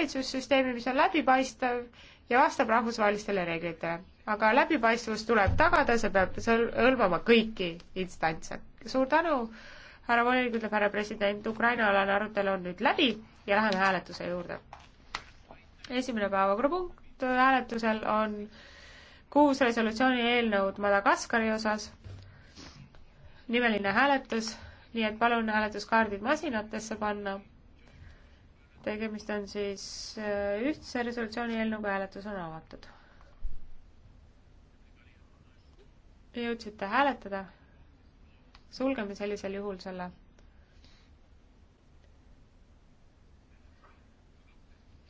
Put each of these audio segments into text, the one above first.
valitsussüsteemi, mis on läbipaistev ja vastab rahvusvahelistele reeglitele. aga läbipaistvus tuleb tagada, see peab hõlmama kõiki instantse. suur tänu, härra volinik, ütleb härra president, Ukraina-alane arutelu on nüüd läbi ja läheme hääletuse juurde. esimene päevakorrapunkt hääletusel on kuus resolutsiooni eelnõud Madagaskari osas, nimeline hääletus, nii et palun hääletuskaardid masinatesse panna tegemist on siis äh, ühtse resolutsiooni eelnõuga, hääletus on avatud. jõudsite hääletada? sulgeme sellisel juhul selle.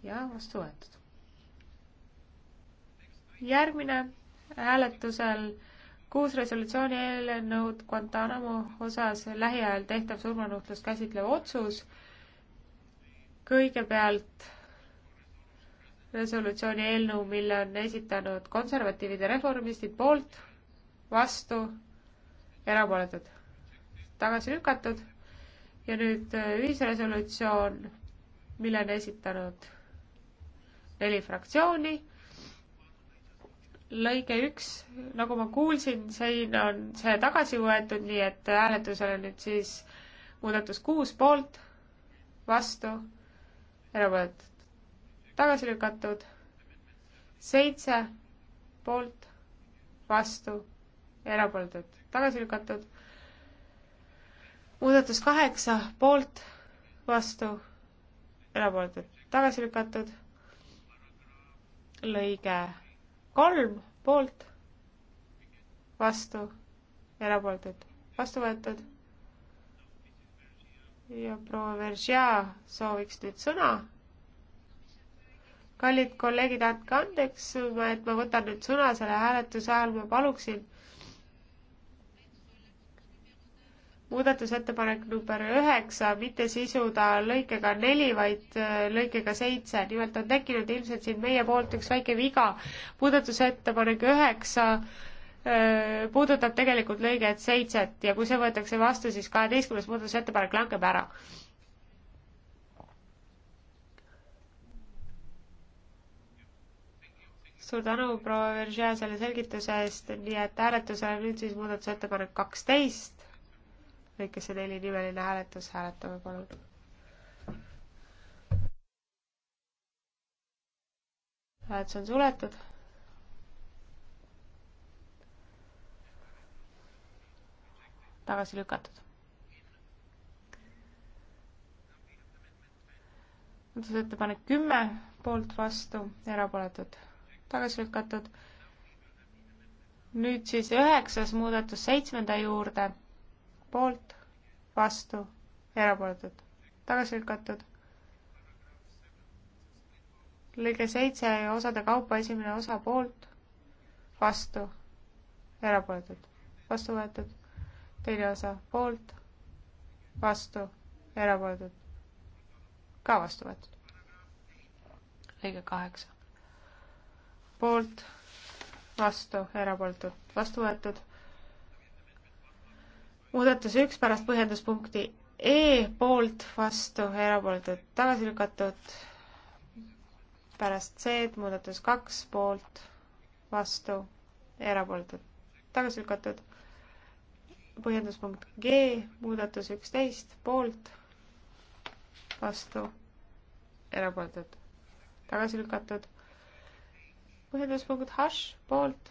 ja vastu võetud. järgmine hääletusel kuus resolutsiooni eelnõud Guantanamo osas lähiajal tehtav surmanuhtlust käsitlev otsus kõigepealt resolutsiooni eelnõu, mille on esitanud konservatiivid ja reformistid poolt, vastu, erapooletud, tagasi lükatud ja nüüd äh, ühisresolutsioon, mille on esitanud neli fraktsiooni. lõige üks, nagu ma kuulsin, siin on see tagasi võetud, nii et hääletusel on nüüd siis muudatus kuus poolt, vastu erapooletud tagasi lükatud, seitse poolt, vastu, erapooletud tagasi lükatud, muudatus kaheksa poolt, vastu, erapooletud tagasi lükatud, lõige kolm poolt, vastu, erapooletud vastu võetud ja proua Veržea sooviks nüüd sõna. kallid kolleegid, andke andeks, et ma võtan nüüd sõna selle hääletuse ajal, ma paluksin muudatusettepanek number üheksa, mitte sisuda lõikega neli, vaid äh, lõikega seitse. nimelt on tekkinud ilmselt siin meie poolt üks väike viga. muudatusettepanek üheksa 9 puudutab tegelikult lõiget seitset ja kui see võetakse vastu, siis kaheteistkümnes muudatusettepanek langeb ära. suur tänu, proua Veržea, selle selgituse eest, nii et hääletusel nüüd siis muudatusettepanek kaksteist, lõikesse neli nimeline hääletus, hääletame palun. hääletus on suletud tagasi lükatud. muudatusettepanek kümme, poolt, vastu, erapooletud, tagasi lükatud. nüüd siis üheksas muudatus seitsmenda juurde, poolt, vastu, erapooletud, tagasi lükatud. lõige seitse osade kaupa esimene osa poolt, vastu, erapooletud, vastu võetud teine osa poolt, vastu, erapooletud, ka vastu võetud. lõige kaheksa. poolt, vastu, erapooletud, vastu võetud. muudatus üks pärast põhjenduspunkti E poolt, vastu, erapooletud, tagasi lükatud. pärast C-d muudatus kaks poolt, vastu, erapooletud, tagasi lükatud põhjenduspunkt G, muudatus üksteist, poolt, vastu, erapooletud, tagasi lükatud. põhjenduspunkt H, poolt,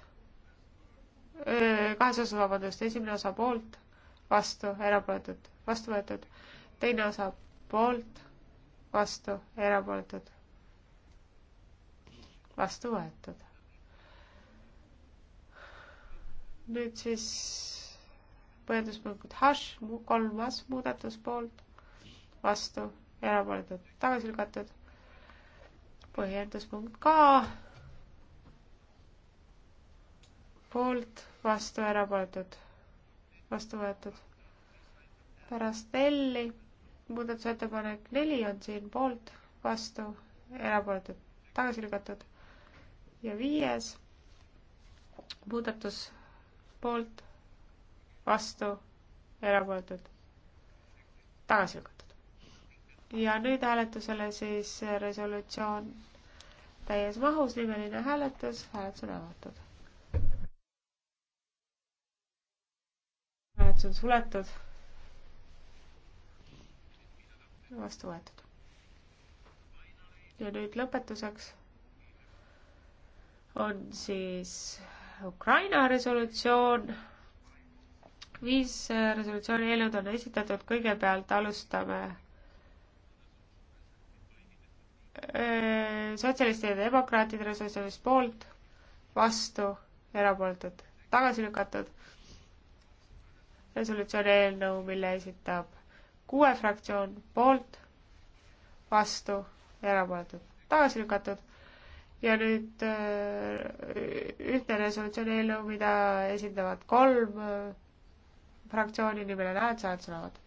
kahes osas, vabandust, esimene osa poolt, vastu, erapooletud, vastu võetud, teine osa poolt, vastu, erapooletud, vastu võetud. nüüd siis põhjenduspunkt hash, kolmas muudatus poolt, vastu, erapooletud, tagasi lükatud. põhjenduspunkt K, poolt, vastu, erapooletud, vastu võetud. pärast L-i muudatusettepanek neli on siin poolt, vastu, erapooletud, tagasi lükatud. ja viies muudatus poolt vastu, erapooletud, tagasi lükatud. ja nüüd hääletusele siis resolutsioon täies mahus, nimeline hääletus, hääletus on avatud. hääletus on suletud. vastu võetud. ja nüüd lõpetuseks on siis Ukraina resolutsioon viis resolutsiooni eelnõud on esitatud, kõigepealt alustame äh, sotsialistide ja demokraatide resolutsioonist poolt, vastu, erapooletud, tagasi lükatud. resolutsiooni eelnõu, mille esitab kuue fraktsioon poolt, vastu, erapooletud, tagasi lükatud ja nüüd äh, ühtne resolutsiooni eelnõu, mida esindavad kolm äh, fraktsiooni nimel ja näed, sa oled sõnavõtt.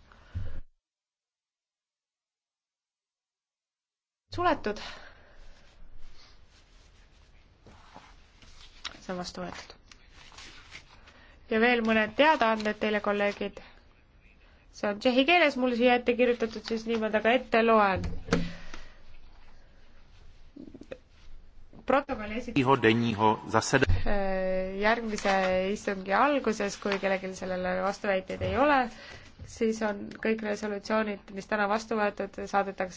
suletud. see on vastu võetud. ja veel mõned teadaanded teile, kolleegid. see on tšehhi keeles mul siia ette kirjutatud, siis niimoodi aga ette loen protokolli esitada äh, järgmise istungi alguses, kui kellelgi sellele vastuväiteid ei ole, siis on kõik resolutsioonid, mis täna vastu võetud, saadetakse